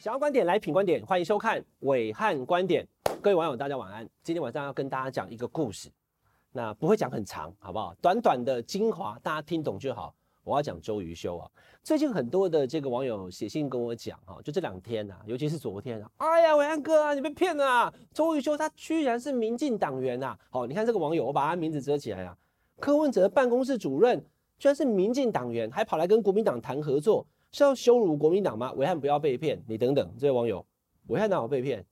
想要觀點來品觀點，歡迎收看暐瀚觀點。各位網友，大家晚安。今天晚上要跟大家講一個故事，那不會講很長，好不好？短短的精華，大家聽懂就好。我要講周榆修啊，最近很多的這個網友寫信跟我講，哈、哦，就這兩天吶、啊，尤其是昨天、啊，哎呀，暐瀚哥啊，你被騙了、啊！周榆修他居然是民進黨員呐、啊，好、哦，你看這個網友，我把他名字遮起來啊，柯文哲辦公室主任，居然是民進黨員，還跑來跟國民黨談合作。是要羞辱國民黨嗎？暐瀚不要被騙！你等等這位網友，暐瀚哪有被騙？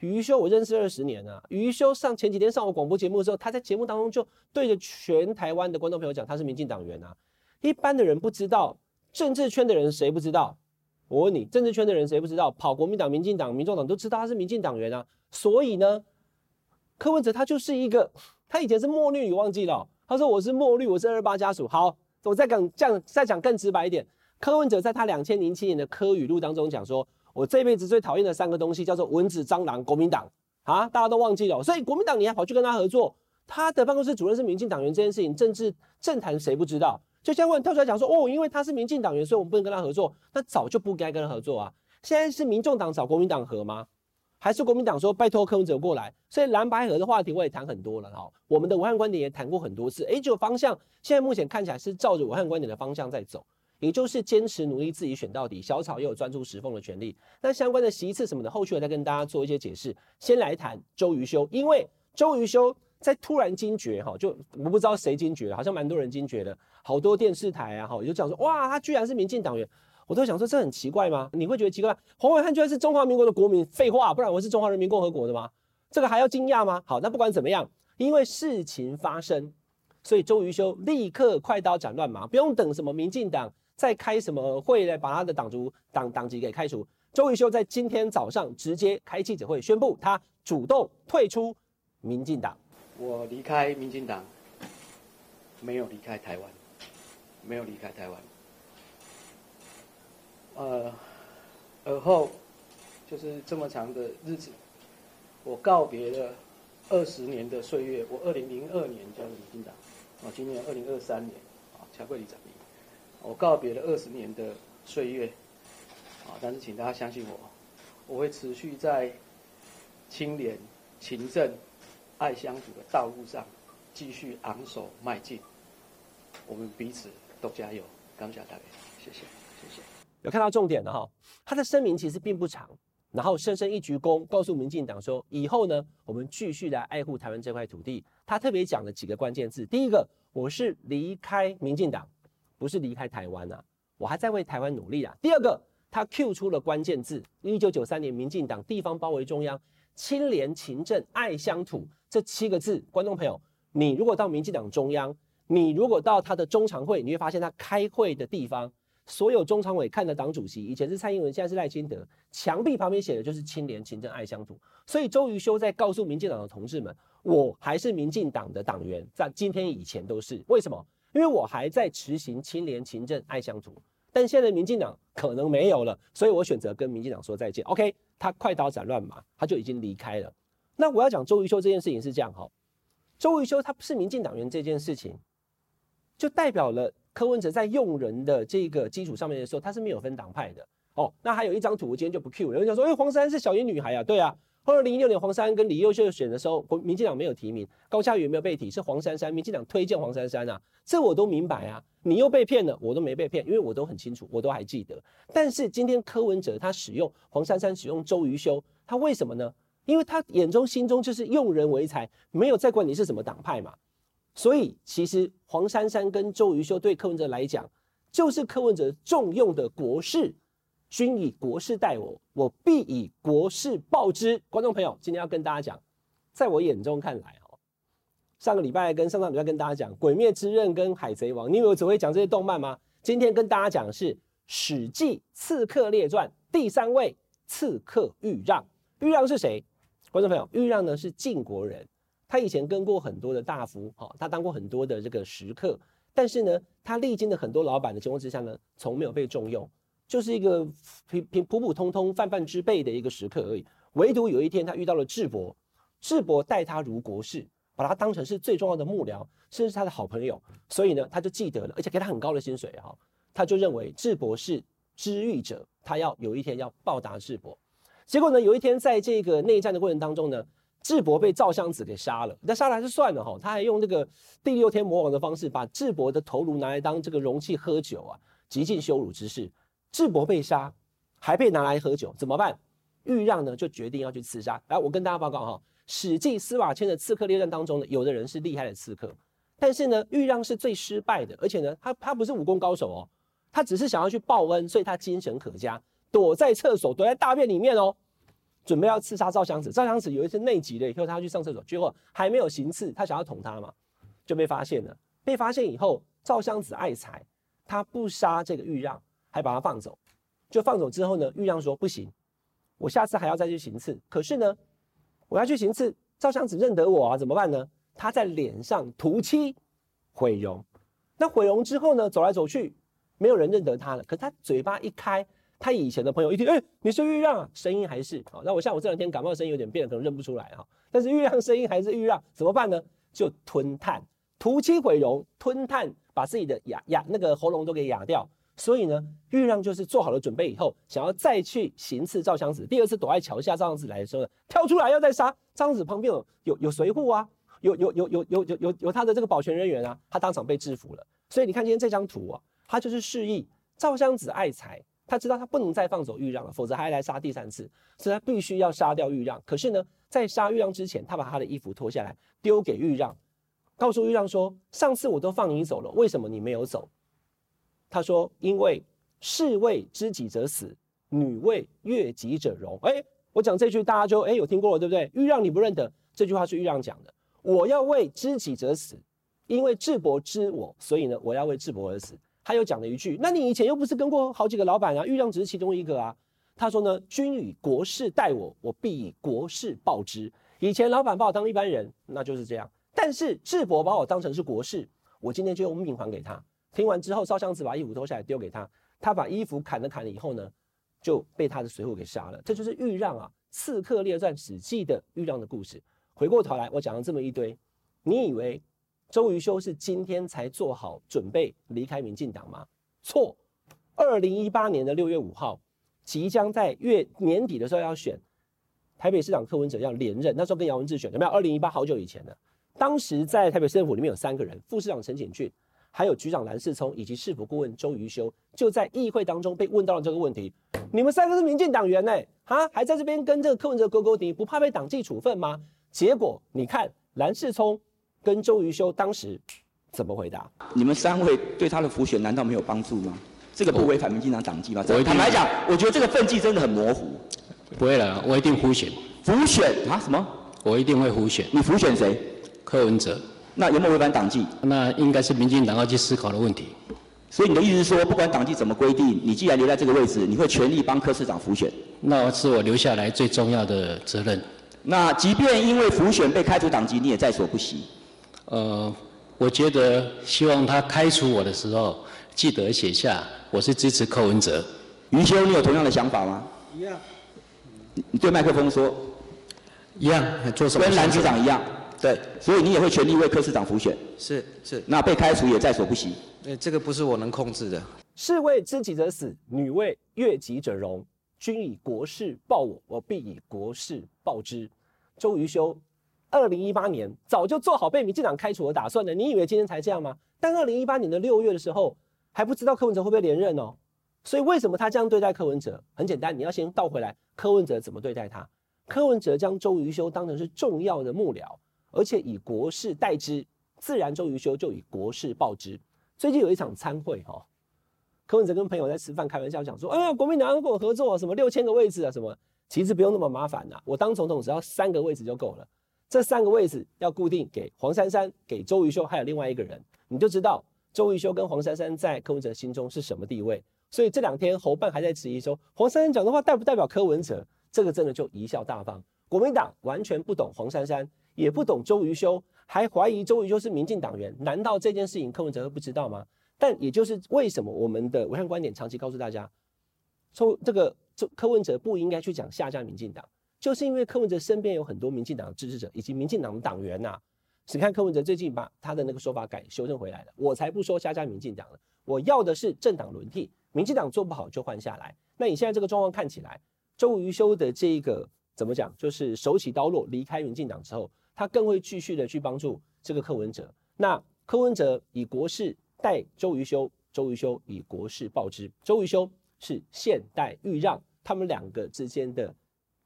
榆修我認識二十年啊，榆修上前幾天上我廣播節目的時候，他在節目當中就對着全台灣的觀眾朋友講，他是民進黨員啊。一般的人不知道，政治圈的人誰不知道？我問你，政治圈的人誰不知道？跑國民黨、民進黨、民眾黨都知道他是民進黨員啊。所以呢，柯文哲他就是一個，他以前是墨綠，你忘記了哦？他說我是墨綠，我是二二八家屬。好，我再講，這樣，再講更直白一點。柯文哲在他兩千零七年的《柯語錄》當中講說：“我這輩子最討厭的三個東西叫做蚊子、蟑螂、國民黨。”啊，大家都忘記了。所以國民黨你還跑去跟他合作，他的辦公室主任是民進黨員，這件事情政治政壇誰不知道？就現在跳出來講說：“哦，因為他是民進黨員，所以我們不能跟他合作。”那早就不該跟他合作啊！現在是民眾黨找國民黨合嗎？還是國民黨說拜託柯文哲過來？所以藍白合的話題我也談很多了，哈。我們的暐瀚觀點也談過很多次。哎、欸，這個方向現在目前看起來是照着暐瀚觀點的方向在走。你就是堅持努力自己選到底，小草也有專注石縫的權利。那相關的席次什麼的，後續我再跟大家做一些解釋。先來談周榆修，因為周榆修在突然驚覺，哈，就我不知道誰驚覺，好像蠻多人驚覺的，好多電視台啊，哈，就講說，哇，他居然是民進黨員，我都想說這很奇怪嗎？你會覺得奇怪嗎？黃暐瀚居然是中華民國的國民，廢話，不然我是中華人民共和國的嗎？這個還要驚訝嗎？好，那不管怎麼樣，因為事情發生，所以周榆修立刻快刀斬亂麻，不用等什麼民進黨。在開什麼會呢？把他的黨族黨黨籍給開除。周榆修在今天早上直接開記者會宣布，他主動退出民進黨。我離開民進黨，沒有離開台灣，沒有離開台灣。呃，而後就是這麼長的日子，我告別了二十年的歲月。我二零零二年加入民進黨，啊、哦，今年二零二三年啊，才會離長。我告別了二十年的歲月，啊！但是請大家相信我，我會持續在清廉、勤政、愛鄉土的道路上繼續昂首邁進。我們彼此都加油。感謝大家，謝謝，謝謝。有看到重點的哈，他的聲明其實並不長，然後深深一鞠躬，告訴民進黨說：以後呢，我們繼續來愛護台灣這塊土地。他特別講了幾個關鍵字，第一個，我是離開民進黨。不是離開台灣啊，我還在為台灣努力啊。第二個，他 Q 出了關鍵字，一九九三年民進黨，民進黨地方包圍中央，清廉勤政愛鄉土這七個字。觀眾朋友，你如果到民進黨中央，你如果到他的中常會，你會發現他開會的地方，所有中常委看的黨主席以前是蔡英文，現在是賴清德，牆壁旁邊寫的就是清廉勤政愛鄉土。所以周榆修在告訴民進黨的同志們，我還是民進黨的黨員，在今天以前都是。為什麼？因為我還在執行清廉勤政愛鄉土，但現在的民進黨可能沒有了，所以我選擇跟民進黨說再見。OK，他快刀斬亂麻，他就已經離開了。那我要講周榆修這件事情是這樣哈，周榆修他不是民進黨員這件事情，就代表了柯文哲在用人的這個基礎上面的時候，他是沒有分黨派的哦。那還有一張圖，我今天就不 cue。有人講說，誒、欸、黃珊珊是小英女孩啊，對啊。二零一六年黃珊珊跟李彥秀選的時候，民進黨沒有提名，高嘉瑜沒有被提，是黃珊珊，民進黨推薦黃珊珊啊，這我都明白啊，你又被騙了，我都沒被騙，因為我都很清楚，我都還記得。但是今天柯文哲他使用黃珊珊，使用周榆修，他為什麼呢？因為他眼中心中就是用人唯才，沒有再管你是什麼黨派嘛。所以其實黃珊珊跟周榆修對柯文哲來講，就是柯文哲重用的國士。君以國士待我，我必以國士報之。觀眾朋友，今天要跟大家講，在我眼中看來，哦，上個禮拜跟上上禮拜跟大家講《鬼滅之刃》跟《海賊王》，你以為我只會講這些動漫嗎？今天跟大家講的是《史記刺客列傳》第三位刺客豫讓。豫讓是誰？觀眾朋友，豫讓呢是晉國人，他以前跟過很多的大夫，哦、他當過很多的這個食客，但是呢，他歷經的很多老板的情況之下呢，從沒有被重用。就是一個平平普普通通泛泛之輩的一個食客而已，唯獨有一天他遇到了智伯，智伯待他如國士，把他當成是最重要的幕僚，甚至是他的好朋友，所以呢，他就記得了，而且給他很高的薪水哈、哦，他就認為智伯是知遇者，他要有一天要報答智伯。結果呢，有一天在這個內戰的過程當中呢，智伯被趙襄子給殺了，那殺了還是算了哈、哦，他還用那個第六天魔王的方式，把智伯的頭顱拿來當這個容器喝酒啊，極盡羞辱之事。智伯被殺，還被拿來喝酒，怎麼辦？豫讓呢，就決定要去刺殺。來，我跟大家報告哈、哦，《史記》司馬遷的刺客列傳當中呢，有的人是厲害的刺客，但是呢，豫讓是最失敗的，而且呢，他他不是武功高手哦，他只是想要去報恩，所以他精神可嘉，躲在廁所，躲在大便裡面哦，準備要刺殺趙襄子。趙襄子有一次內急了以後，他去上廁所，結果還沒有行刺，他想要捅他嘛，就被發現了。被發現以後，趙襄子愛才，他不殺這個豫讓。還把他放走，就放走之後呢，豫讓說不行，我下次還要再去行刺。可是呢，我要去行刺，趙襄子認得我啊，怎麼辦呢？他在臉上塗漆，毀容。那毀容之後呢，走來走去，沒有人認得他了。可他嘴巴一開，他以前的朋友一聽，哎、欸，你是豫讓啊，聲音還是啊、哦。那我像我這兩天感冒，聲音有點變了，可能認不出來哈、哦。但是豫讓聲音還是豫讓，怎麼辦呢？就吞炭，塗漆毀容，吞炭把自己的啞啞那個喉嚨都給啞掉。所以呢，豫讓就是做好了準備以後，想要再去行刺趙襄子。第二次躲在橋下，趙襄子來的時候呢，跳出來要再殺。趙襄子旁邊有有有隨護啊，有有有有有有有有他的這個保全人員啊，他當場被制服了。所以你看今天這張圖啊，他就是示意趙襄子愛財，他知道他不能再放走豫讓了，否則還來殺第三次，所以他必須要殺掉豫讓。可是呢，在殺豫讓之前，他把他的衣服脫下來丟給豫讓，告訴豫讓說：“上次我都放你走了，為什麼你沒有走？”他說：“因為士為知己者死，女為悅己者容。欸”哎，我講這句大家就哎、欸、有聽過了，對不對？豫讓你不認得這句話是豫讓講的。我要為知己者死，因為智伯知我，所以呢，我要為智伯而死。他又講了一句：“那你以前又不是跟過好幾個老板啊？豫讓只是其中一個啊。”他說：“呢，君以國士待我，我必以國士報之。以前老板把我當一般人，那就是這樣。但是智伯把我當成是國士，我今天就用命還給他。”聽完之後，趙襄子把衣服脫下來丟給他，他把衣服砍了，砍了以後呢，就被他的隨扈給殺了。這就是豫讓啊，《刺客列傳》史記的豫讓的故事。回過頭來，我講了這麼一堆，你以為周榆修是今天才做好準備離開民進黨嗎？錯，二零一八年的六月五號，即將在月年底的時候要選台北市長柯文哲要連任，那時候跟姚文智選有沒有？二零一八好久以前的，當時在台北市政府裡面有三個人，副市長陳景峻。還有局長藍世聰以及市府顧問周榆修，就在議會當中被問到了這個問題：咭 close 你們三個是民進黨員呢？欸，啊，還在這邊跟這個柯文哲勾勾迪，不怕被黨紀處分嗎？結果你看藍世聰跟周榆修當時怎麼回答？你們三位對他的輔選難道沒有幫助嗎？這個不違反民進黨黨紀嗎？坦白講，我覺得這個分際，真的很模糊。不會了，我一定輔選。輔選啊？什麼？我一定會輔選。你輔選誰？柯文哲。那有沒有違反黨紀？那應該是民進黨要去思考的問題。所以你的意思是說，不管黨紀怎麼規定，你既然留在這個位置，你會全力幫柯市長輔選？那是我留下來最重要的責任。那即便因為輔選被開除黨籍，你也在所不惜。呃，我覺得希望他開除我的時候，記得寫下我是支持柯文哲。榆修，你有同樣的想法嗎？一樣。你對麥克風說。一樣。做什麼？跟藍局長一樣。對，所以你也會全力為柯市長輔選？是是，那被開除也在所不惜。那這個不是我能控制的。士為知己者死，女為悅己者容。君以國士報我，我必以國士報之。周榆修，二零一八年早就做好被民進黨開除的打算了。你以為今天才這樣嗎？但二零一八年的六月的時候，還不知道柯文哲會不會連任哦。所以為什麼他這樣對待柯文哲？很簡單，你要先倒回來，柯文哲怎麼對待他？柯文哲將周榆修當成是重要的幕僚，而且以國士待之，自然周榆修就以國士報之。最近有一場餐會哈、哦，柯文哲跟朋友在吃飯開玩笑講說，哎、啊、呀，國民黨要跟我合作、啊，什麼六千個位置啊什麼，其實不用那麼麻煩啊。」我當總統只要三個位置就夠了。這三個位置要固定給黃珊珊、給周榆修，還有另外一個人，你就知道周榆修跟黃珊珊在柯文哲的心中是什麼地位。所以這兩天侯辦還在質疑說，黃珊珊講的話代不代表柯文哲？這個真的就貽笑大方。國民黨完全不懂黃珊珊。也不懂周榆修，還懷疑周榆修是民進黨員？難道這件事情柯文哲會不知道嗎？但也就是為什麼我們的暐瀚觀點長期告訴大家，抽這個柯文哲不應該去講下架民進黨，就是因為柯文哲身邊有很多民進黨的支持者以及民進黨的黨員吶、啊。你看柯文哲最近把他的那個說法改修正回來了，我才不說下架民進黨呢。我要的是政黨輪替，民進黨做不好就換下來。那你現在這個狀況看起來，周榆修的這個怎麼講，就是手起刀落離開民進黨之後。他更會繼續的去幫助這個柯文哲，那柯文哲以國士待周榆修，周榆修以國士報之。周榆修是現代豫讓，他們兩個之間的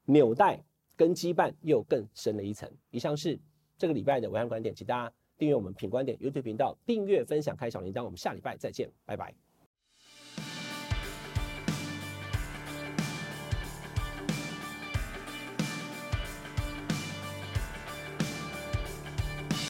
紐帶跟羈絆又更深了一層。以上是這個禮拜的暐瀚觀點，請大家訂閱我們品觀點 YouTube 頻道，訂閱分享開小鈴鐺，我們下禮拜再見，拜拜。